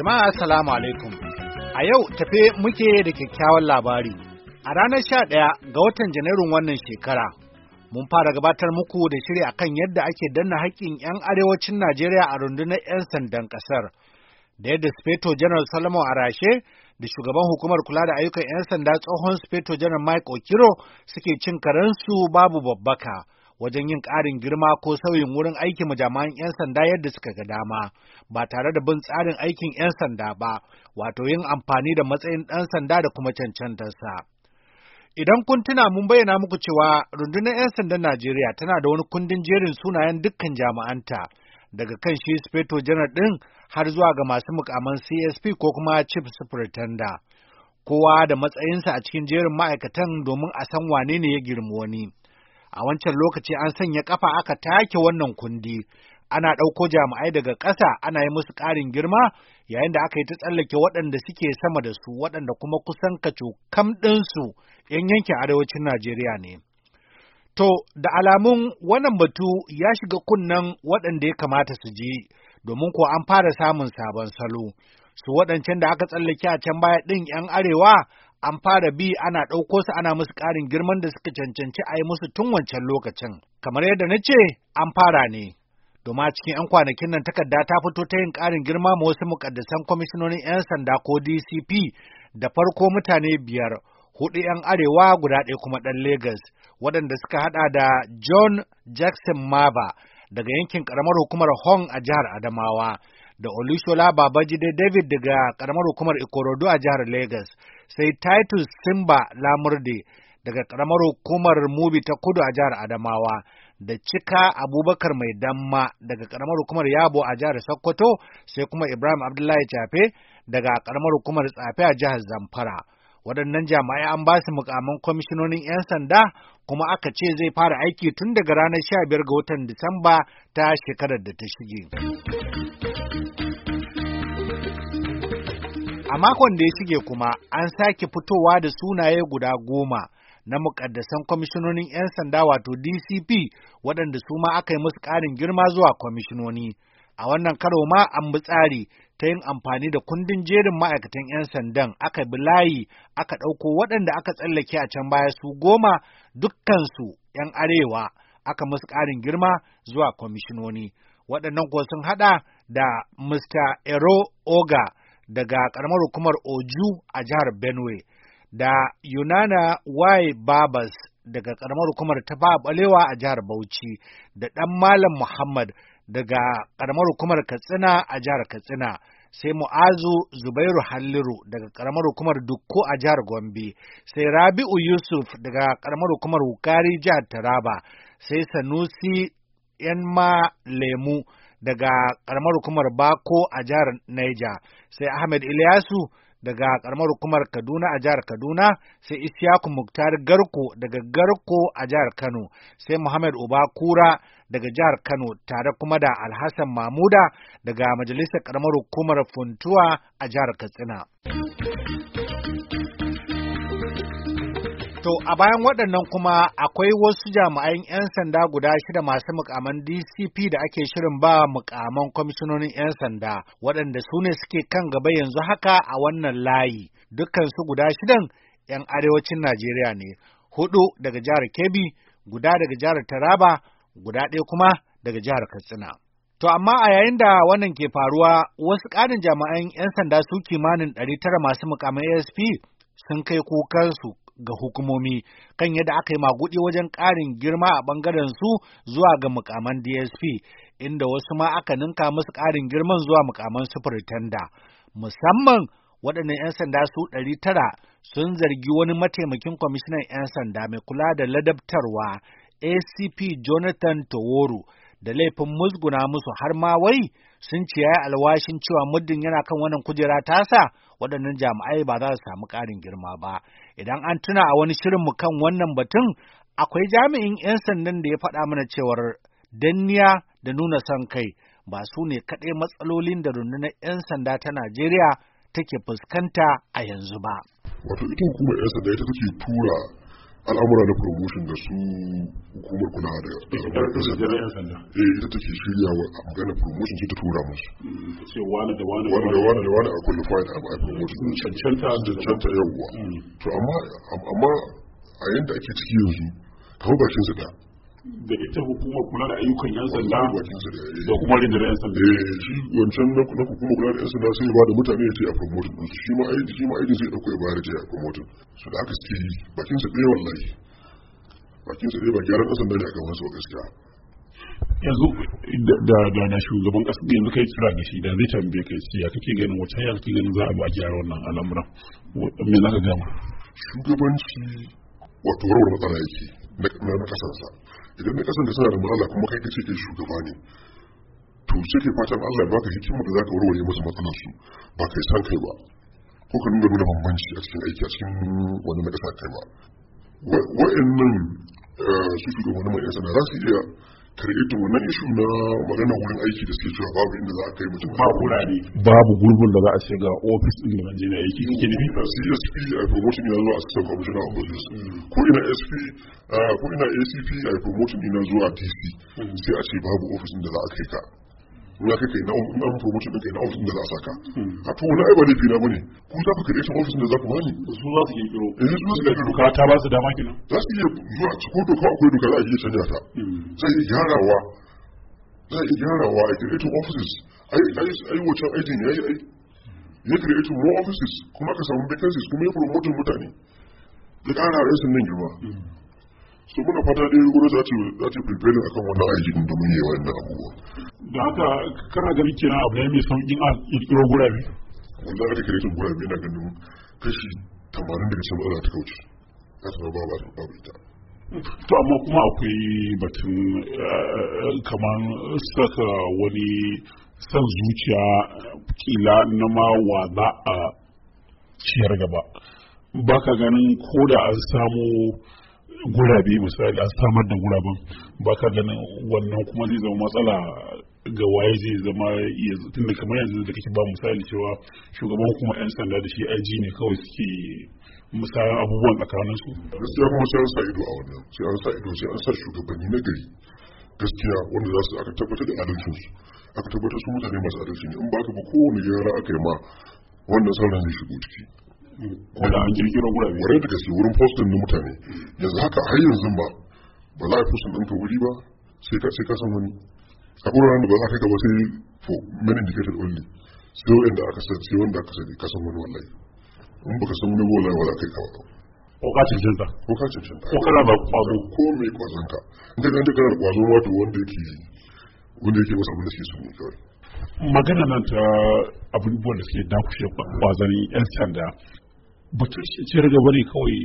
Jama'a Assalamu alaikum. A yau tafe muke da kyakkyawan labari. A ranar sha ɗaya ga watan Janairun wannan shekara, mun fara gabatar muku da shiri kan yadda ake danna haƙƙin 'yan arewacin Najeriya a rundunar 'yan sandan ƙasar. Da yadda Speto General Solomon Arashe da shugaban hukumar kula da ayyukan 'yan sanda tsohon Speto Janar Mike Okiro suke cin karensu babu babbaka. wajen yin ƙarin girma ko sauyin wurin aiki ma 'yan sanda yadda suka ga dama ba tare da bin tsarin aikin 'yan sanda ba wato yin amfani da matsayin ɗan sanda da kuma cancantarsa. Idan kun tuna mun bayyana muku cewa rundunar 'yan sandan Najeriya tana da wani kundin jerin sunayen dukkan jami'anta daga kan shi speto janar ɗin har zuwa ga masu mukaman CSP ko kuma chief superintendent. Kowa da matsayinsa a cikin jerin ma'aikatan domin a san wane ne ya girmi wani. a wancan lokaci an sanya kafa aka take wannan kundi ana ɗauko jami'ai daga ƙasa ana yi musu ƙarin girma yayin da aka yi ta tsallake waɗanda suke sama da su waɗanda kuma kusan kacu kam ɗinsu 'yan yankin arewacin Najeriya ne. To, da alamun wannan batu ya shiga kunnen waɗanda ya kamata su je, domin ko an fara samun sabon salo. Su waɗancan da aka tsallake a can baya ɗin 'yan arewa an fara bi ana ɗauko su ana musu ƙarin girman da suka cancanci a yi musu tun wancan lokacin. Kamar yadda na ce, an fara ne. doma cikin 'yan kwanakin nan takarda ta fito ta yin ƙarin girma ma wasu muƙaddasan kwamishinonin 'yan sanda ko DCP da farko mutane biyar, hudu 'yan arewa guda ɗaya kuma ɗan Legas, waɗanda suka haɗa da John Jackson Maba daga yankin ƙaramar hukumar Hong a jihar Adamawa. da Olusola Babajide David daga ƙaramar hukumar Ikorodu a jihar Legas. sai Titus Simba Lamurde daga ƙaramar hukumar Mubi ta kudu a jihar Adamawa da cika Abubakar Mai Damma daga ƙaramar hukumar Yabo a jihar Sokoto sai kuma Ibrahim Abdullahi Chafe daga ƙaramar hukumar Tsafe a jihar Zamfara. Waɗannan jami'ai an ba su mukamin kwamishinonin 'yan sanda kuma aka ce zai fara aiki tun daga ranar 15 ga watan Disamba ta shekarar da ta shige. A makon da ya shige kuma an sake fitowa da sunaye guda goma na mukaddasan kwamishinonin 'yan sanda wato DCP waɗanda su ma aka yi musu ƙarin girma zuwa kwamishinoni. A wannan karo ma an bi tsari ta yin amfani da kundin jerin ma'aikatan 'yan sandan aka bi layi aka ɗauko waɗanda aka tsallake a can baya su goma dukkansu 'yan arewa aka musu ƙarin girma zuwa kwamishinoni. Waɗannan kuwa sun haɗa da Mr. Ero Oga daga ƙaramar hukumar Oju a jihar Benue da Yunana Y Babas daga ƙaramar hukumar Taba Balewa a jihar Bauchi da ɗan Malam Muhammad daga ƙaramar hukumar Katsina a jihar Katsina. sai Mu'azu Zubairu Halliru daga ƙaramar hukumar Dukko a jihar Gombe, sai Rabi'u Yusuf daga ƙaramar hukumar Wukari jihar Taraba, sai Sanusi Yanma Lemu daga karamar hukumar Bako a jihar Niger, sai Ahmed Ilyasu daga karamar hukumar Kaduna a jihar Kaduna, sai Isiyaku Muktar Garko daga Garko a jihar Kano, sai Muhammad ubakura daga jihar Kano tare kuma da Alhassan Mamuda daga majalisar karamar hukumar Funtuwa a jihar Katsina. To a bayan waɗannan kuma akwai wasu jami'an 'yan sanda guda shida masu mukaman DCP da ake shirin ba mukaman kwamishinonin 'yan sanda waɗanda su ne suke kan gaba yanzu haka a wannan layi. Dukkansu guda shidan 'yan arewacin Najeriya ne, hudu daga jihar Kebbi, guda daga jihar Taraba, guda ɗaya kuma daga jihar Katsina. To amma a yayin da wannan ke faruwa wasu ƙarin jami'an 'yan sanda su kimanin tara masu mukaman ASP sun kai kukansu ga hukumomi kan yadda aka yi maguɗi wajen ƙarin girma a ɓangaren su zuwa ga mukaman DSP, inda wasu ma aka ninka musu ƙarin girman zuwa mukaman sufuritanda. Musamman waɗannan 'yan sanda su ɗari tara sun zargi wani mataimakin kwamishinan 'yan sanda mai kula da ladabtarwa ACP Jonathan Toworu da laifin musguna musu har ma wai sun ce ya alwashin cewa muddin yana kan wannan kujera tasa waɗannan jami'ai ba za su samu ƙarin girma ba idan an tuna a wani shirinmu kan wannan batun akwai jami'in 'yan sandan da ya faɗa mana cewar danniya da nuna son kai ba su ne kaɗai matsalolin da rundunar 'yan sanda ta najeriya take fuskanta a yanzu ba wato ita hukumar 'yan sanda ita take tura al'amura da promotion da su hukumar kula da jami'an sanda eh ita take shirya wa magana promotion sai ta tura musu wani da wani da wani da wani a qualified a bai promotion mm, cancanta cancanta yawwa mm. to amma amma a yanda ake ciki yanzu kawo bashin su da da ita hukumar kula da ayyukan yan sanda da kuma da yan sanda eh, shi wancan na hukumar kula da yan sanda sai ba da mutane ya ce a promotin din shi ma aiki shi ma aiki sai dauko ya bayar da a promotin su da aka suke yi bakin su ɗaya wallahi bakin su ɗaya ba gyaran kasan dare ne a gaban su gaskiya yanzu da da na shugaban kasa yanzu kai kira da shi da zai tambaye kai ya kake ganin wata ya kake ganin za a ba gyara wannan al'amuran me za ka gama shugabanci wato warware matsala yake na kasansa idan na kasan da suna da matsala kuma kai kace ke shugaba ne to sai kai fatan Allah baka hikima da zaka warware musu matsalar su ba kai san kai ba ko ka nuna nuna bambanci a cikin aiki a cikin wani na kasa kai ba wa'annan eh, su shugabannin mai yasa za su iya to wannan ishu na magana wurin aiki da suke cewa babu inda za a kai mutum ba ne. babu gurbin da za a ce ga ofis din da Najeriya yake kike ne CSP a promotion ina zuwa assistant commissioner of police ko ina SP ko ina ACP a promotion ina zuwa DC hmm. sai a ce babu ofis din da za a kai ka ruwa kake na na an promotion kai na office da za a saka a to wani aiba laifi na bane ku za ku creation office da za ku bani su za su kirkiro eh su za su kirkiro doka ta ba su dama kina za su iya zuwa su ko doka akwai doka za a iya canja ta sai hmm. iya gyarawa za a iya gyarawa a creation offices a yi wacan wacce aikin ya yi ai ya creation more offices kuma ka samu vacancies kuma ya promoting mutane ya kara raisin nan girma hmm. su muna fata dai gwamnati za ce za ce prepare akan wannan aiki da mun yi wannan abubuwa da haka kana ganin kina abu ne mai sauƙin a kirkiro gurabe wanda aka kire tun gurabe na ganin kashi tamanin daga cikin za ta kauce a sanar ba ba ita to amma kuma akwai batun eh, kamar saka wani san zuciya kila na ma wa za a ciyar gaba ba ka ganin ko da an samu gurabe misali a samar da guraben ba ka ganin wannan kuma zai zama matsala ga waye zai zama iya tun da kamar yanzu da kake ba misali cewa shugaban kuma yan sanda da shi aji ne kawai suke misalin abubuwan tsakanin su gaskiya kuma sai an sa ido a wannan sai an sa ido sai an sa shugabanni na gari gaskiya wanda za su aka tabbatar da adalcin su aka tabbatar su mutane masu adalci ne in ba ka ba kowane gyara aka yi ma wannan sauran zai shigo ciki ko da an kirkiro gurabe wurin da gaske wurin postin na mutane yanzu haka har yanzu ba ba za a postin ɗinka wuri ba sai ka sai ka san wani a wuraren da ba za ka gaba sai for men indicated only sai wanda aka san sai wanda aka sani ka san wani wallahi in baka san wani wallahi wala kai ka ba ko ka cancanta ko ka cancanta ko kana da kwazo ko me kwazon ka in ka ganta kana da kwazo wato wanda yake wanda yake masa abin da suke so ne kawai magana nan ta abubuwan da suke dakushe kwazon yan sanda batun shi ce riga bane kawai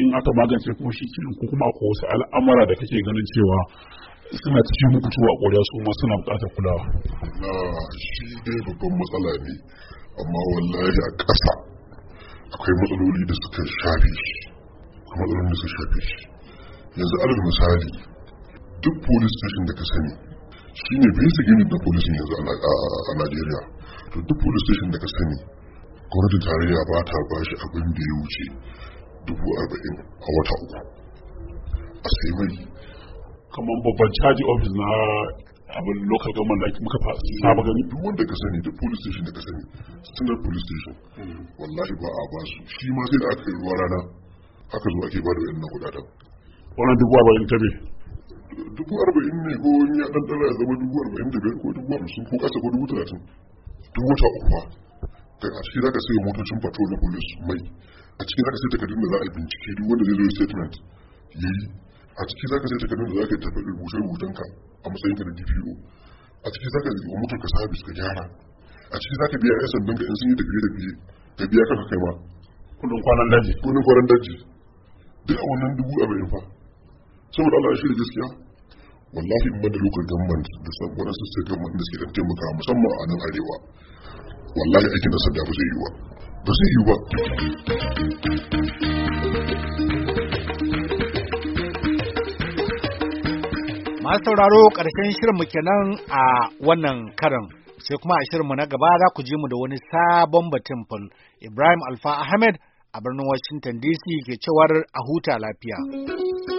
in aka magance kuma shi ce ko kuma akwai wasu al'amura da kake ganin cewa suna cikin mutu a ƙoriya su ma suna buƙatar kulawa. na shi dai babban matsala ne amma wallahi a ƙasa akwai matsaloli da suka shafe shi matsalolin da suka shafe shi yanzu alal misali duk police station da ka sani shine basic unit na police yanzu a Najeriya to duk police station da ka sani gwamnatin tarayya ba ta ba shi abin da ya wuce dubu arba'in a wata uku a sai mai kamar babban caji ofis na abin local government da muka ba gani duk wanda ka sani da police station da ka sani standard police station wallahi ba a basu. shi ma sai da aka yi ruwa rana aka zo ake ba da na kudaden wannan dubu arba'in ta dubu arba'in ne ko wani ya ɗanɗara ya zama dubu arba'in da biyar ko dubu arba'in ko ƙasa ko dubu talatin duk wata uku a ciki za ka sayo motocin patrol na police mai a ciki za ka sai takardun da za a bincike duk wanda zai zo statement ya yi a ciki za ka sai takardun da za ka tafi rubuce-rubucen ka a matsayin ka na dpo a ciki za ka yi wa motar ka sabis ka gyara a ciki za ka biya ya sandan ka in sun yi tafiye biye ka biya ka kai ma kudin kwanan daji kudin kwanan daji duk a wannan dubu bayan fa saboda Allah ya shirya gaskiya wallahi in bada local government da sabuwar sassa government da suke ɗan taimaka musamman a nan arewa wallahi aikin da sanda ba zai yi ba ba zai yi ba masu sauraro ƙarshen shirinmu kenan a wannan karin sai kuma a shirin mu na gaba za ku ji mu da wani sabon batun fal ibrahim alfa ahmed a birnin washington dc ke cewar a huta lafiya.